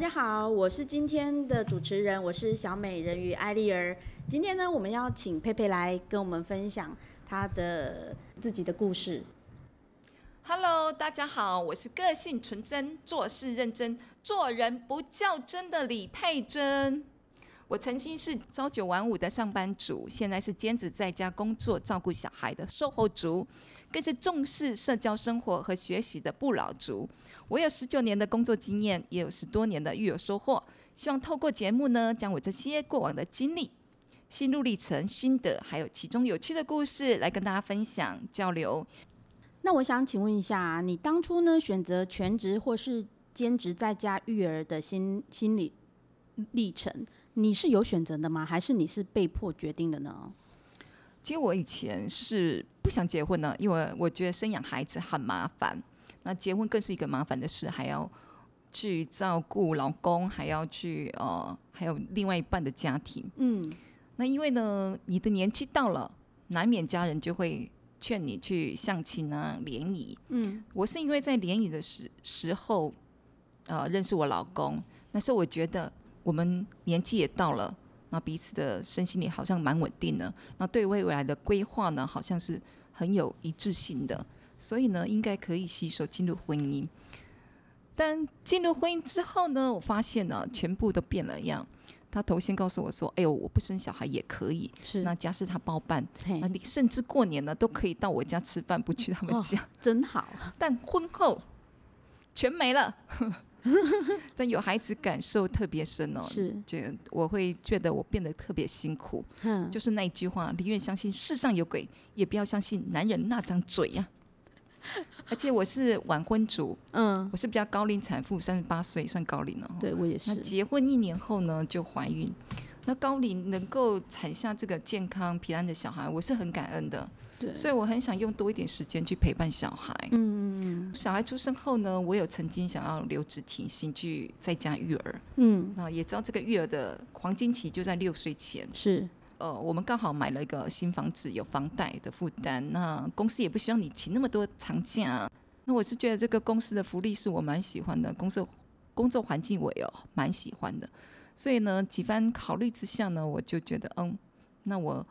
大家好，我是今天的主持人，我是小美人魚艾麗兒。今天呢，我們要請沛沛來跟我們分享她的自己的故事。Hello，大家好，我是個性純真、做事認真、做人不較真的李沛臻。我曾經是朝九晚五的上班族，現在是兼職在家工作、照顧小孩的售後族，更是重視社交生活和學習的不老族。我有十九年的工作經驗，也有十多年的育兒收穫。希望透過節目呢，將我這些過往的經歷、心路歷程、心得，還有其中有趣的故事，來跟大家分享交流。那我想請問一下，你當初呢，選擇全職或是兼職在家育兒的心心理歷程，你是有選擇的嗎？還是你是被迫決定的呢？其實我以前是不想結婚呢，因為我覺得生養孩子很麻煩。那結婚更是一個麻煩的事，還要去照顧老公，還要去呃，還有另外一半的家庭。嗯，那因為呢，你的年紀到了，難免家人就會勸你去相親啊、聯誼。嗯，我是因為在聯誼的時時候，呃，認識我老公。那時候我覺得我們年紀也到了，那彼此的身心裡好像蠻穩定的，那對未來的規劃呢，好像是很有一致性的。所以呢，應該可以攜手進入婚姻。但進入婚姻之後呢，我發現呢、啊，全部都變了樣。他頭先告訴我說：“哎呦，我不生小孩也可以，是那家事他包辦。嘿那你甚至過年呢，都可以到我家吃飯，不去他們家，哦、真好。但婚後全沒了。 但有孩子感受特別深哦，是，就我會覺得我變得特別辛苦。嗯、就是那一句話：寧願相信世上有鬼，也不要相信男人那張嘴呀、啊。而且我是晚婚族，嗯，我是比較高齡產婦，三十八歲算高齡了。對，我也是。那結婚一年後呢，就懷孕。那高齡能夠產下這個健康平安的小孩，我是很感恩的。對，所以我很想用多一點時間去陪伴小孩。嗯，嗯，嗯，小孩出生後呢，我有曾經想要留職停薪去在家育兒。嗯，那也知道這個育兒的黃金期就在六歲前，是。呃，我們剛好買了一個新房子，有房貸的負擔。那公司也不希望你請那麼多長假啊。那我是覺得這個公司的福利是我蠻喜歡的，公司工作環境我也蠻喜歡的。所以呢，幾番考慮之下呢，我就覺得，嗯，那我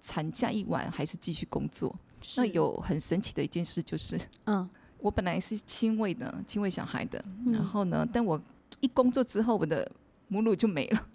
產假一完還是繼續工作。是那有很神奇的一件事就是，嗯，我本來是親餵的，親餵小孩的。然後呢，嗯、但我一工作之後，我的母乳就沒了。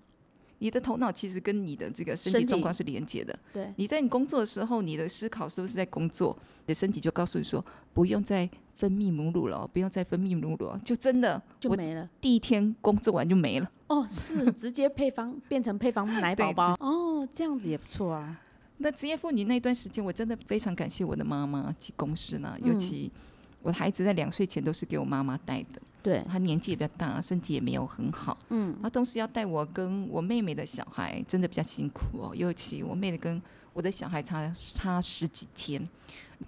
你的頭腦其實跟你的這個身體狀況是連接的。對，你在你工作的時候，你的思考是不是在工作？你的身體就告訴你說，不用再分泌母乳了，哦，不用再分泌母乳，就真的就沒了。第一天工作完就沒了。沒 哦，是直接配方變成配方奶寶寶。 直哦，這樣子也不錯啊。那職業婦女那段時間，我真的非常感謝我的媽媽及公司呢，尤其、嗯、我的孩子在兩歲前都是給我媽媽帶的。對，他年紀也比較大，身體也沒有很好。嗯，他同時要帶我跟我妹妹的小孩，真的比較辛苦哦。尤其我妹妹跟我的小孩差差十幾天，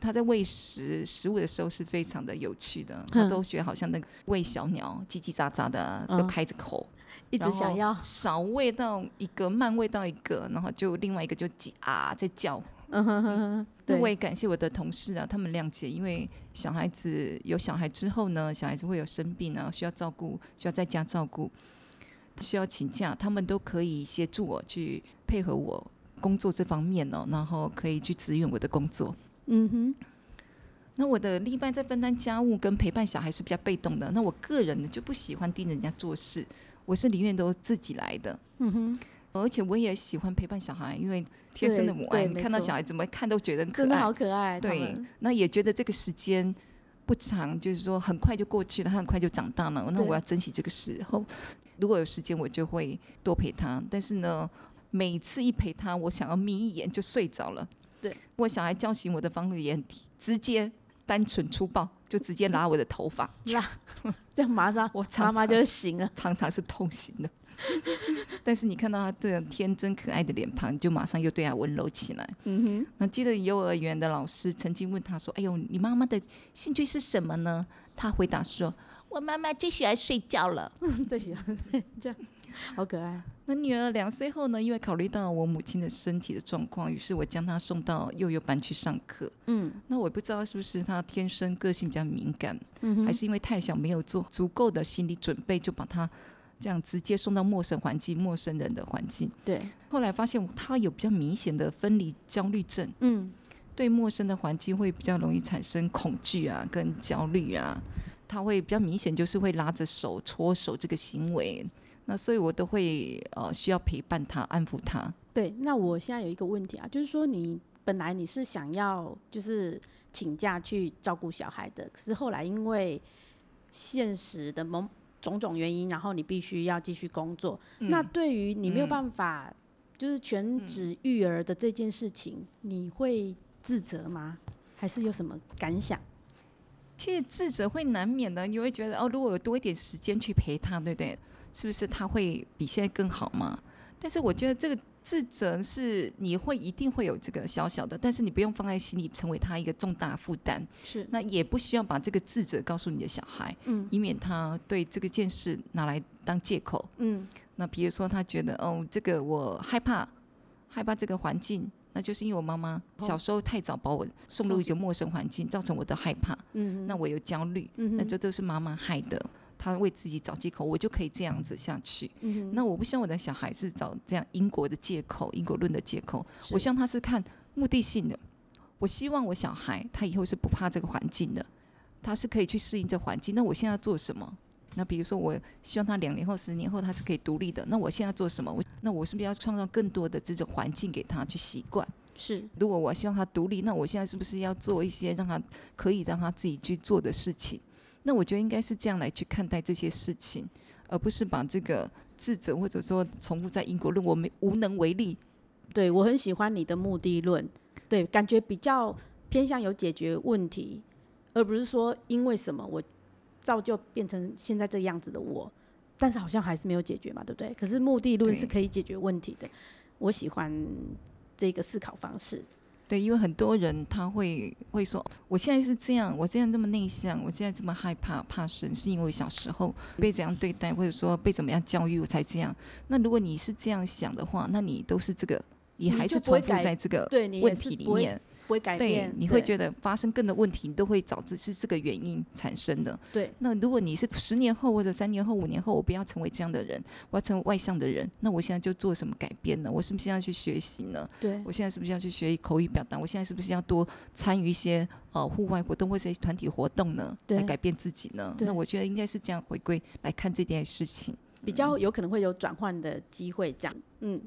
他在餵食食物的時候是非常的有趣的，他都覺得好像那個餵小鳥，嘰嘰喳喳喳的都開着口，嗯、一直想要少餵到一個，慢餵到一個，然後就另外一個就嘰啊在叫。 嗯哼哼哼，對，我也感謝我的同事啊，他們諒解，因為小孩子有小孩之後呢，小孩子會有生病啊，需要照顧，需要在家照顧，需要請假，他們都可以協助我去配合我工作這方面哦，然後可以去支援我的工作。嗯哼，那我的另一半在分擔家務跟陪伴小孩是比較被動的，那我個人呢，就不喜歡盯人家做事，我是寧願都自己來的。嗯哼。而且我也喜歡陪伴小孩，因為天生的母愛，看到小孩怎麼看都覺得可愛。真的好可愛。對，們那也覺得這個時間不長，就是說很快就過去了，他很快就長大嘛。對那我要珍惜這個時候。如果有時間，我就會多陪他。但是呢，對每次一陪他，我想要眯一眼就睡着了。對。我小孩叫醒我的方式也很直接、單純、粗暴，就直接拉我的頭髮。拉，啪這樣馬上我常常媽媽就醒了，常常是痛醒的。 但是你看到他這樣天真可愛的臉龐，就馬上又對他溫柔起來。嗯哼、mm。Hmm. 那記得幼兒園的老師曾經問他說：“哎呦，你媽媽的興趣是什麼呢？”他回答說：“我媽媽最喜歡睡覺了， 最喜歡睡覺， 好可愛。”那女兒兩歲後呢？因為考慮到我母親的身體的狀況，於是我將她送到幼幼班去上課。嗯、mm。Hmm. 那我不知道是不是她天生個性比較敏感，mm hmm. 還是因為太小沒有做足夠的心理準備，就把她。這樣直接送到陌生環境、陌生人的環境。對，後來發現他有比較明顯的分離焦慮症。嗯，對陌生的環境會比較容易產生恐懼啊，跟焦慮啊，他會比較明顯就是會拉着手、搓手這個行為。那所以我都會呃需要陪伴他、安撫他。對，那我現在有一個問題啊，就是說你本來你是想要就是請假去照顧小孩的，可是後來因為現實的某種種原因，然後你必須要繼續工作。嗯、那對於你沒有辦法，嗯、就是全職育兒的這件事情，嗯、你會自責嗎？還是有什麼感想？其實自責會難免的，你會覺得哦，如果有多一點時間去陪他，對不對？是不是他會比現在更好嗎？但是我覺得這個。自責是你會一定會有這個小小的，但是你不用放在心裡，成為他一個重大負擔。是，那也不需要把這個自責告訴你的小孩，嗯，以免他對這個件事拿來當借口，嗯。那比如說他覺得哦，這個我害怕，害怕這個環境，那就是因為我媽媽小時候太早把我送入一個陌生環境，造成我的害怕，嗯哼，那我有焦慮，嗯哼，那這都是媽媽害的。他為自己找借口，我就可以這樣子下去。嗯、哼那我不希望我的小孩是找這樣因果的借口、因果論的借口。是我希望他是看目的性的。我希望我小孩他以後是不怕這個環境的，他是可以去適應這環境。那我現在做什麼？那比如說，我希望他兩年後、十年後他是可以獨立的。那我現在做什麼？我那我是不是要創造更多的這種環境給他去習慣？是。如果我希望他獨立，那我現在是不是要做一些讓他可以讓他自己去做的事情？那我覺得應該是這樣來去看待這些事情，而不是把這個自責或者說重複在因果論，我們無能為力。對，我很喜歡你的目的論，對，感覺比較偏向有解決問題，而不是說因為什麼我造就變成現在這樣子的我，但是好像還是沒有解決嘛，對不對？可是目的論是可以解決問題的，對我喜歡這個思考方式。對，因為很多人他會會說，我現在是這樣，我現在這麼內向，我現在這麼害怕怕生，是因為小時候被怎樣對待，或者說被怎麼樣教育，我才這樣。那如果你是這樣想的話，那你都是這個，你還是重複在這個問題裡面。對，你會覺得發生更多問題，對你都會導致是這個原因產生的。對，那如果你是十年後或者三年後、五年後，我不要成為這樣的人，我要成為外向的人，那我現在就做什麼改變呢？我是不是要去學習呢？對，我現在是不是要去學口語表達？我現在是不是要多參與一些呃戶外活動或者是團體活動呢？對，來改變自己呢？對那我覺得應該是這樣回歸來看這件事情，比較有可能會有轉換的機會。這樣，嗯。嗯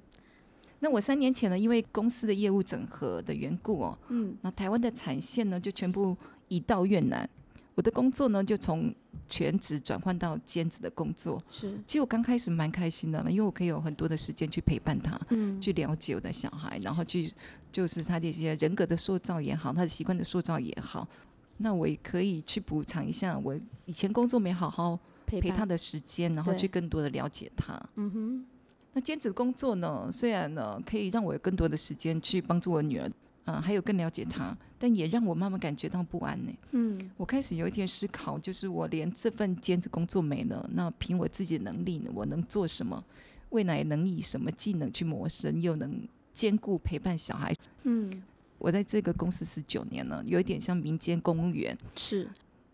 那我三年前呢，因為公司的業務整合的緣故哦，嗯，那台灣的產線呢就全部移到越南，我的工作呢就從全職轉換到兼職的工作。是，其實我剛開始蠻開心的，因為我可以有很多的時間去陪伴他，嗯，去了解我的小孩，然後去就是他這些人格的塑造也好，他的習慣的塑造也好，那我也可以去補償一下我以前工作沒好好陪他的時間，陪伴。然後去更多的了解他。嗯哼。那兼職工作呢？雖然呢，可以讓我有更多的時間去幫助我女兒，啊，還有更了解她，但也讓我媽媽感覺到不安呢、欸。嗯，我開始有一點思考，就是我連這份兼職工作沒了，那憑我自己的能力呢，我能做什麼？未來能以什麼技能去謀生，又能兼顧陪伴小孩？嗯，我在這個公司十九年了，有一點像民間公務員，是。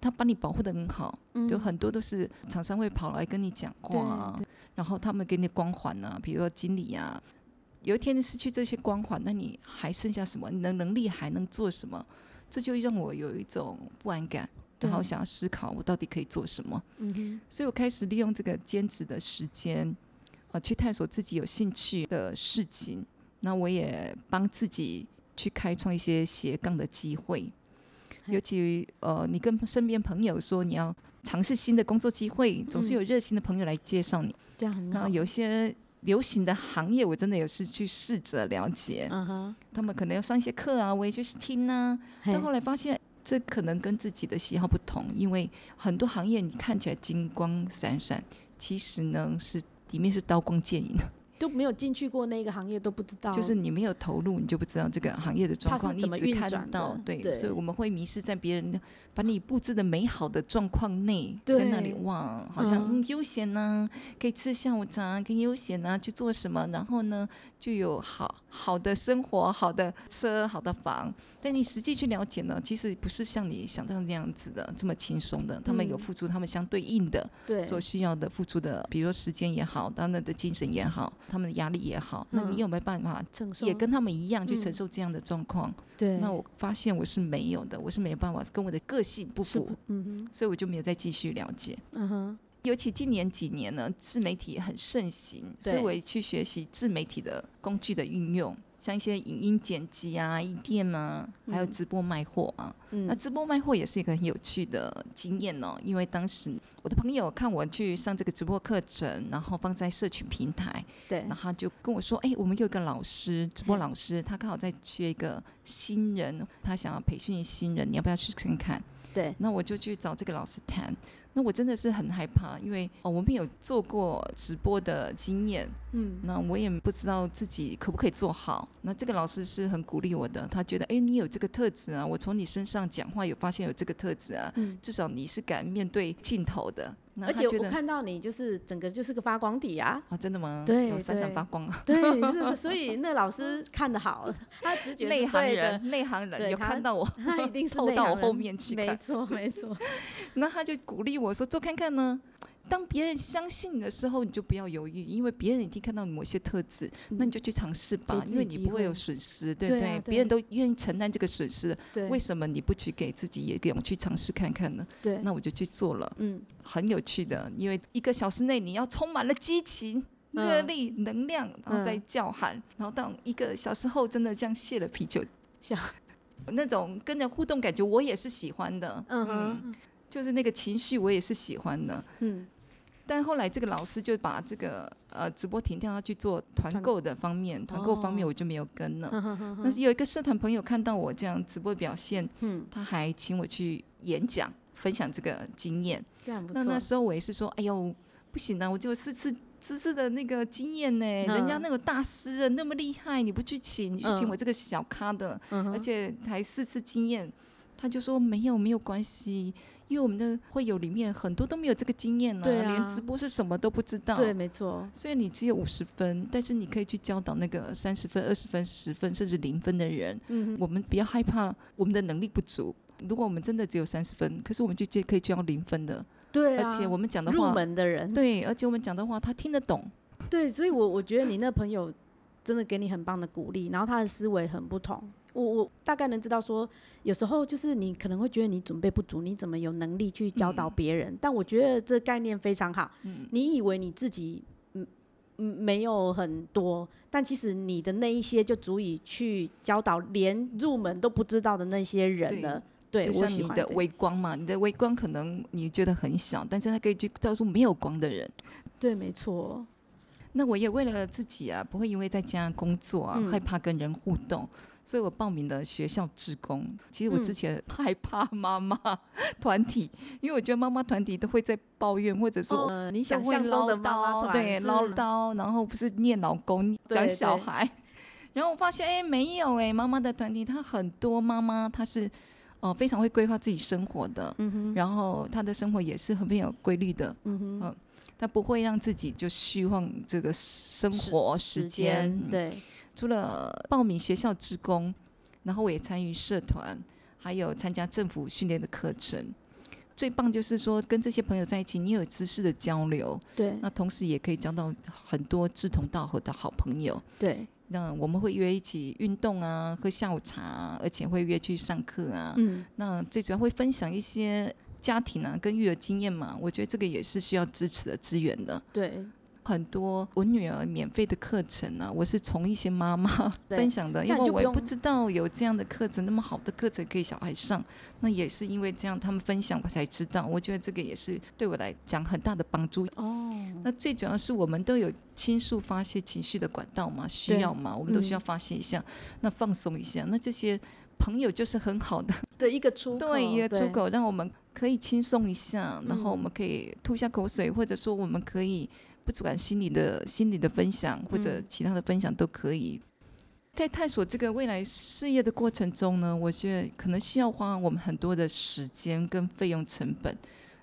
他幫你保護得很好，有、嗯、很多都是廠商會跑來跟你講話，啊，然後他們給你光環、啊，比如說經理啊，有一天你失去這些光環，那你還剩下什麼？你的能、能力還能做什麼？這就讓我有一種不安感，對然後我想要思考我到底可以做什麼。嗯、哼所以我開始利用這個兼職的時間，啊、去探索自己有興趣的事情。那我也幫自己去開創一些斜槓的機會。尤其呃，你跟身邊朋友說你要嘗試新的工作機會，總是有熱心的朋友來介紹你。這樣很好。然後、嗯、有些流行的行業，我真的也是去試着了解。嗯哼、uh，huh、他們可能要上一些課啊，我也去聽吶、啊。但後來發現，這可能跟自己的喜好不同，因為很多行業你看起來金光閃閃，其實呢是裡面是刀光劍影的。都沒有進去過那個行業，都不知道。就是你沒有投入，你就不知道這個行業的狀況。你怎麼運轉你看到？對，對，所以我們會迷失在別人把你布置的美好的狀況內，對在那裡望，好像、嗯嗯、悠閒呢、啊，可以吃下午茶，可以悠閒呢、啊，去做什麼？然後呢，就有好好的生活，好的車，好的房。但你實際去了解呢，其實不是像你想象這樣子的這麼輕鬆的。他們有付出，嗯、他們相對應的對所需要的付出的，比如說時間也好，當然的精神也好。他們的壓力也好，嗯、那你有沒有辦法承受？也跟他們一樣去承受這樣的狀況，嗯？對，那我發現我是沒有的，我是沒有辦法，跟我的個性不符，嗯哼，所以我就沒有再繼續了解。嗯哼，尤其近年幾年呢，自媒體很盛行，對所以我也去學習自媒體的工具的運用，像一些影音剪輯啊、E 店啊，還有直播賣貨啊。嗯嗯，那直播賣貨也是一個很有趣的經驗哦，因為當時我的朋友看我去上這個直播課程，然後放在社群平台，對，然後他就跟我說：“哎、欸，我們有一個老師，直播老師，嘿他剛好在缺一個新人，他想要培訓新人，你要不要去看看？”對，那我就去找這個老師談。那我真的是很害怕，因為哦我沒有做過直播的經驗，嗯，那我也不知道自己可不可以做好。那這個老師是很鼓勵我的，他覺得：“哎、欸，你有這個特質啊，我從你身上。”講話有發現有這個特質啊，至少你是敢面對鏡頭的。嗯、而且我，我看到你就是整個就是個發光體啊！啊，真的嗎？對，閃閃發光啊！對，所以那老師看得好，他直覺的內行人，內行人有看到我，他，他一定是湊到我後面去，沒錯沒錯。沒錯 那他就鼓勵我說：“做看看呢。”當別人相信你的時候，你就不要猶豫，因為別人已經看到你某些特質，那你就去嘗試吧，因為你不會有損失，對不對？別人都願意承擔這個損失，對，為什麼你不去給自己也勇去嘗試看看呢？對，那我就去做了，嗯，很有趣的，因為一個小時內你要充滿了激情、熱力、能量，然後在叫喊，然後到一個小時後真的像卸了啤酒，像那種跟着互動感覺，我也是喜歡的，嗯就是那個情緒，我也是喜歡的。嗯。但後來這個老師就把這個呃直播停掉，他去做團購的方面，團購團方面我就沒有跟了。哦、但是有一個社團朋友看到我這樣直播表現，嗯、他還請我去演講、嗯、分享這個經驗。這樣很不錯。那那時候我也是說，哎呦，不行啊，我就四次四次的那個經驗呢、欸，嗯、人家那個大師啊，那麼厲害，你不去請，你去請我這個小咖的，嗯、而且才四次經驗，他就說沒有沒有關係。因為我們的會友裡面很多都沒有這個經驗呢、啊，對啊、連直播是什麼都不知道。對，沒錯。所以你只有五十分，但是你可以去教導那個三十分、二十分、十分甚至零分的人。嗯哼。我們不要害怕我們的能力不足。如果我們真的只有三十分，可是我們就接可以教零分的。對、啊、而且我們講的話，入門的人。對，而且我們講的話，他聽得懂。對，所以我我覺得你那朋友真的給你很棒的鼓勵，然後他的思維很不同。我我大概能知道說，說有時候就是你可能會覺得你準備不足，你怎麼有能力去教導別人？嗯、但我覺得這概念非常好。嗯、你以為你自己嗯嗯沒有很多，但其實你的那一些就足以去教導連入門都不知道的那些人了。對，對就像你的微光嘛，對你的微光可能你覺得很小，但是它可以去照出沒有光的人。對，沒錯。那我也為了自己啊，不會因為在家工作啊、嗯、害怕跟人互動。所以我報名了學校志工，其實我之前害怕媽媽團體，嗯、因為我覺得媽媽團體都會在抱怨，或者說、哦、你想象中的媽媽對是嘮叨，然後不是念老公講小孩，對對然後我發現哎沒有哎，媽媽的團體她很多媽媽她是哦、呃、非常會規劃自己生活的，嗯、哼然後她的生活也是很沒有規律的，嗯哼、呃、她不會讓自己就虛晃這個生活時間，時間對。除了報名學校職工，然後我也參與社團，還有參加政府訓練的課程。最棒就是說跟這些朋友在一起，你有知識的交流，對，那同時也可以交到很多志同道合的好朋友，對。那我們會約一起運動啊，喝下午茶啊，而且會約去上課啊。嗯。那最主要會分享一些家庭啊，跟育兒經驗嘛。我覺得這個也是需要支持的資源的。對。很多我女兒免費的課程呢、啊,我是從一些媽媽分享的，因為我也不知道有這樣的課程，那麼好的課程給小孩上，那也是因為這樣他們分享我才知道。我覺得這個也是對我來講很大的幫助。哦，那最主要是我們都有傾訴發洩情緒的管道嘛，對需要嘛，我們都需要發洩一下，嗯、那放鬆一下。那這些朋友就是很好的，對，一個出口，對，一個出口，讓我們可以輕鬆一下，然後我們可以吐下口水，嗯、或者說我們可以。不主管心理的心理的分享，或者其他的分享都可以。嗯。在探索這個未來事業的過程中呢，我覺得可能需要花我們很多的時間跟費用成本。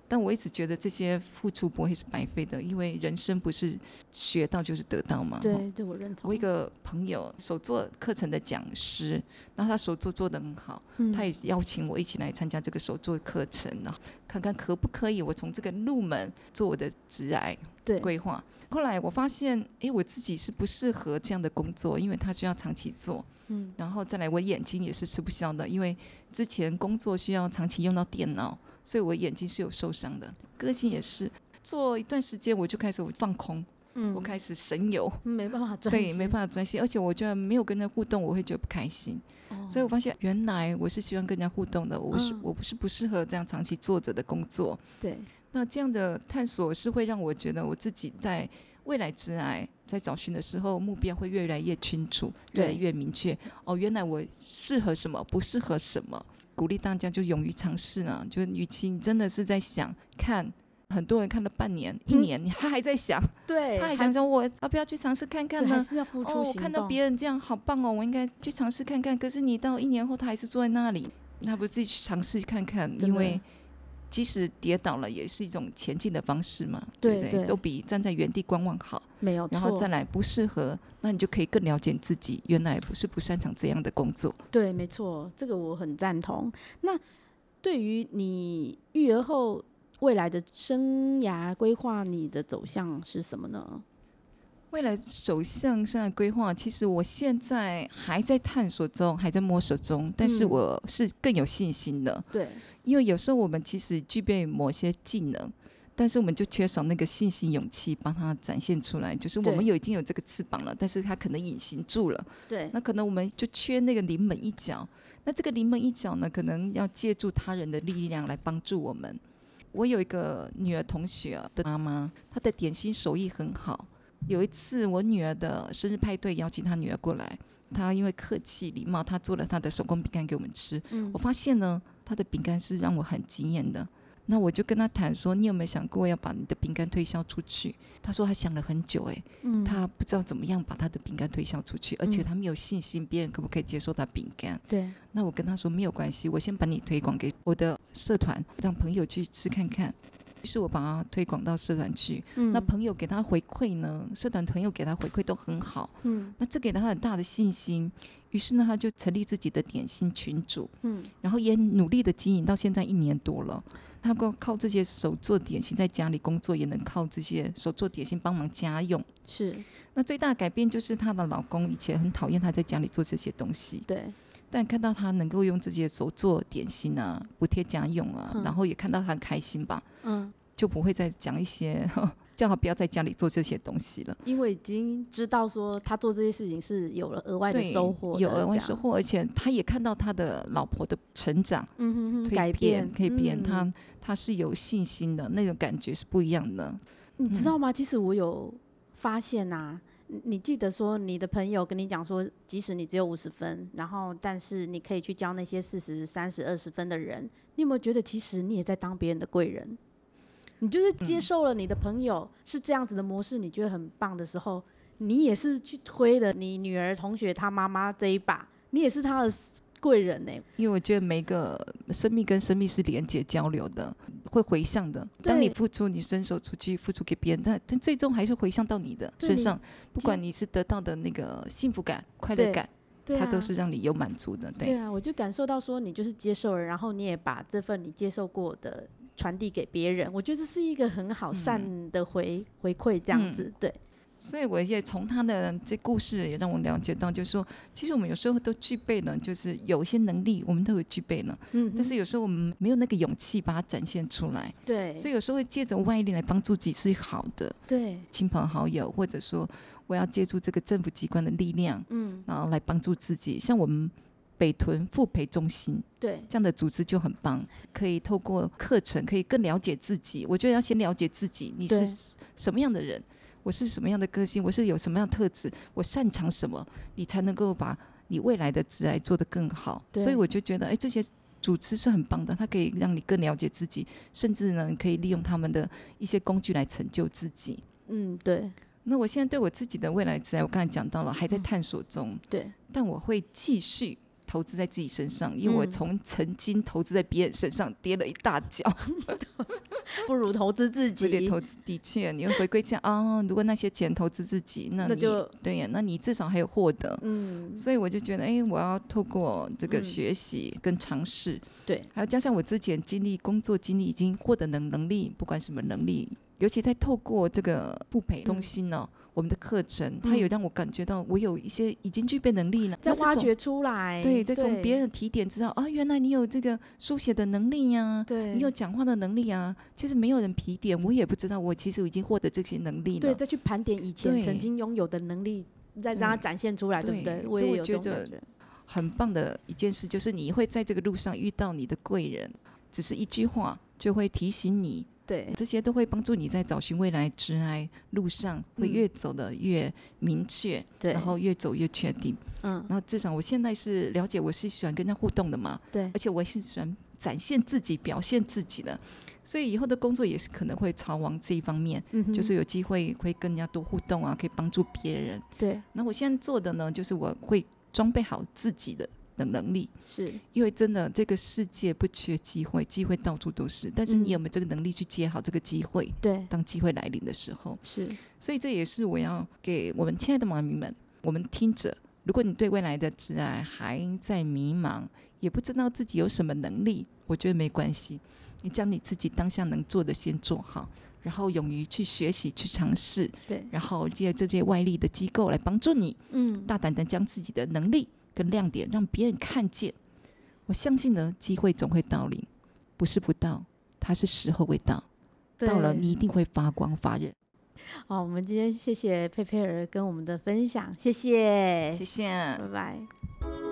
但我一直覺得這些付出不會是白費的，因為人生不是學到就是得到嘛。對，我認同。我一個朋友手作課程的講師，那他手作做，做得很好，嗯、他也邀請我一起來參加這個手作課程，然後看看可不可以我從這個入門做我的職涯規劃。對後來我發現，哎，我自己是不適合這樣的工作，因為它需要長期做。嗯。然後再來，我眼睛也是吃不消的，因為之前工作需要長期用到電腦。所以，我眼睛是有受傷的，個性也是，做一段時間，我就開始我放空，嗯，我開始神遊，沒辦法專心，對，沒辦法專心，而且我覺得沒有跟人互動，我會覺得不開心，哦、所以我發現原來我是希望跟人家互動的，我是、哦、我不是不適合這樣長期坐着的工作，對，那這樣的探索是會讓我覺得我自己在。未來之愛在找尋的時候，目標會越來越清楚，越來越明確。對哦，原來我適合什麼，不適合什麼。鼓勵大家就勇於嘗試呢、啊。就與其你真的是在想看，很多人看了半年、嗯、一年，你還還在想，對，他還想說，他我要不要去嘗試看看呢？哦，我看到別人這樣好棒哦，我應該去嘗試看看。可是你到一年後，他還是坐在那裡，那不自己去嘗試看看？的因為。即使跌倒了，也是一種前進的方式嘛，對不對？對，都比站在原地觀望好。沒有錯，然後再來不適合，那你就可以更了解自己，原來不是不擅長這樣的工作。對，沒錯，這個我很贊同。那對於你育兒後未來的生涯規劃，你的走向是什麼呢？未來走向生涯規劃，其實我現在還在探索中，還在摸索中。但是我是更有信心的。嗯、對。因為有時候我們其實具備某些技能，但是我們就缺少那個信心、勇氣，把它展現出來。就是我們有對已經有這個翅膀了，但是它可能隱形住了。對。那可能我們就缺那個臨門一腳。那這個臨門一腳呢，可能要借助他人的力量來幫助我們。我有一個女兒同學的媽媽，她的點心手藝很好。有一次，我女兒的生日派對邀請她女兒過來，她因為客氣禮貌，她做了她的手工餅乾給我們吃。我發現呢，她的餅乾是讓我很驚艷的。那我就跟她談說，你有沒有想過要把你的餅乾推銷出去？她說她想了很久、欸，誒、嗯，她不知道怎麼樣把她的餅乾推銷出去，而且她沒有信心別人可不可以接受她餅乾。對。那我跟她說沒有關係，我先把你推廣給我的社團，讓朋友去吃看看。是我把他推廣到社團去，嗯、那朋友給他回饋呢？社團朋友給他回饋都很好，嗯，那這給了他很大的信心。於是呢，他就成立自己的點心群組。嗯，然後也努力的經營到現在一年多了。他光靠這些手做點心在家裡工作，也能靠這些手做點心幫忙家用。是，那最大的改變就是她的老公以前很討厭他在家裡做這些東西，對。但看到他能夠用自己的手做點心啊，補貼家用啊，哼然後也看到他開心吧，嗯、就不會再講一些叫他不要在家裡做這些東西了。因為已經知道說他做這些事情是有了額外的收穫的，有額外收穫，樣而且他也看到他的老婆的成長，嗯哼哼辨改變可以變，辨嗯、哼他他是有信心的，那個感覺是不一樣的。嗯、你知道嗎？其實我有發現呐、啊。你記得說你的朋友跟你講說，即使你只有五十分，然後但是你可以去教那些四十三十二十分的人，你有沒有覺得其實你也在當別人的貴人？你就是接受了你的朋友是這樣子的模式，你覺得很棒的時候，你也是去推了你女兒同學她媽媽這一把，你也是她的貴人呢、欸。因為我覺得每個生命跟生命是連接交流的。會回向的。當你付出，你伸手出去付出給別人，但但最終還是回向到你的身上。不管你是得到的那個幸福感、快樂感，啊、它都是讓你有滿足的。對。對啊，我就感受到說，你就是接受了，然後你也把這份你接受過的傳遞給別人。我覺得這是一個很好善的回、嗯、回饋這樣子。嗯、對。所以我也從他的這故事也讓我了解到，就是說，其實我們有時候都具備了，就是有些能力，我們都有具備了，嗯，但是有時候我們沒有那個勇氣把它展現出來、嗯哼，對，所以有時候會借着外力來幫助自己是好的，對，親朋好友，或者說我要借助這個政府機關的力量，嗯，然後來幫助自己。像我們北屯復培中心，對，這樣的組織就很棒，可以透過課程可以更了解自己。我覺得要先了解自己，你是什麼樣的人？我是什麼樣的個性？我是有什麼樣的特質？我擅長什麼？你才能夠把你未來的職涯做得更好。對所以我就覺得，哎、欸，這些主持是很棒的，它可以讓你更了解自己，甚至呢，可以利用他們的一些工具來成就自己。嗯，對。那我現在對我自己的未來職涯，我剛才講到了，還在探索中。嗯、對，但我會繼續。投資在自己身上，因為我從曾經投資在別人身上，嗯，跌了一大跤， 不如投資自己。有點投資的確，你又回歸這樣啊，哦。如果那些錢投資自己，那你那就對呀，那你至少還有獲得。嗯，所以我就覺得，哎，欸，我要透過這個學習跟嘗試，嗯，對，還有加上我之前經歷工作經歷已經獲得能能力，不管什麼能力，尤其在透過這個不賠中心呢，哦。嗯我們的課程，它有讓我感覺到我有一些已經具備能力了，再、嗯、挖掘出來，對，再從別人的提點知道對啊，原來你有這個書寫的能力呀、啊，對，你有講話的能力啊，其實沒有人提點，我也不知道，我其實已經獲得這些能力，了，對，再去盤點以前曾經擁有的能力，再讓它展現出來，對,對不對？對我也有這種感覺，我覺得很棒的一件事就是你會在這個路上遇到你的貴人，只是一句話就會提醒你。對，這些都會幫助你在找尋未來之愛路上會越走的越明確，嗯、對，然後越走越確定。嗯，然後至少我現在是了解，我是喜歡跟人家互動的嘛，對，而且我是喜歡展現自己、表現自己的，所以以後的工作也是可能會朝往這一方面，嗯、哼就是有機會會跟人家多互動啊，可以幫助別人。對，那我現在做的呢，就是我會裝備好自己的。的能力是因為真的，這個世界不缺機會，機會到處都是。但是你有沒有這個能力去接好這個機會？對，當機會來臨的時候，是。所以這也是我要給我們親愛的媽咪們，我們聽着，如果你對未來的職涯還在迷茫，也不知道自己有什麼能力，我覺得沒關係。你將你自己當下能做的先做好，然後勇於去學習、去嘗試，對，然後借這些外力的機構來幫助你，嗯對，大膽的將自己的能力。跟亮點讓別人看見，我相信呢，機會總會到臨，不是不到，它是時候未到，對到了你一定會發光發熱。好，我們今天謝謝沛臻跟我們的分享，謝謝，謝謝，拜拜。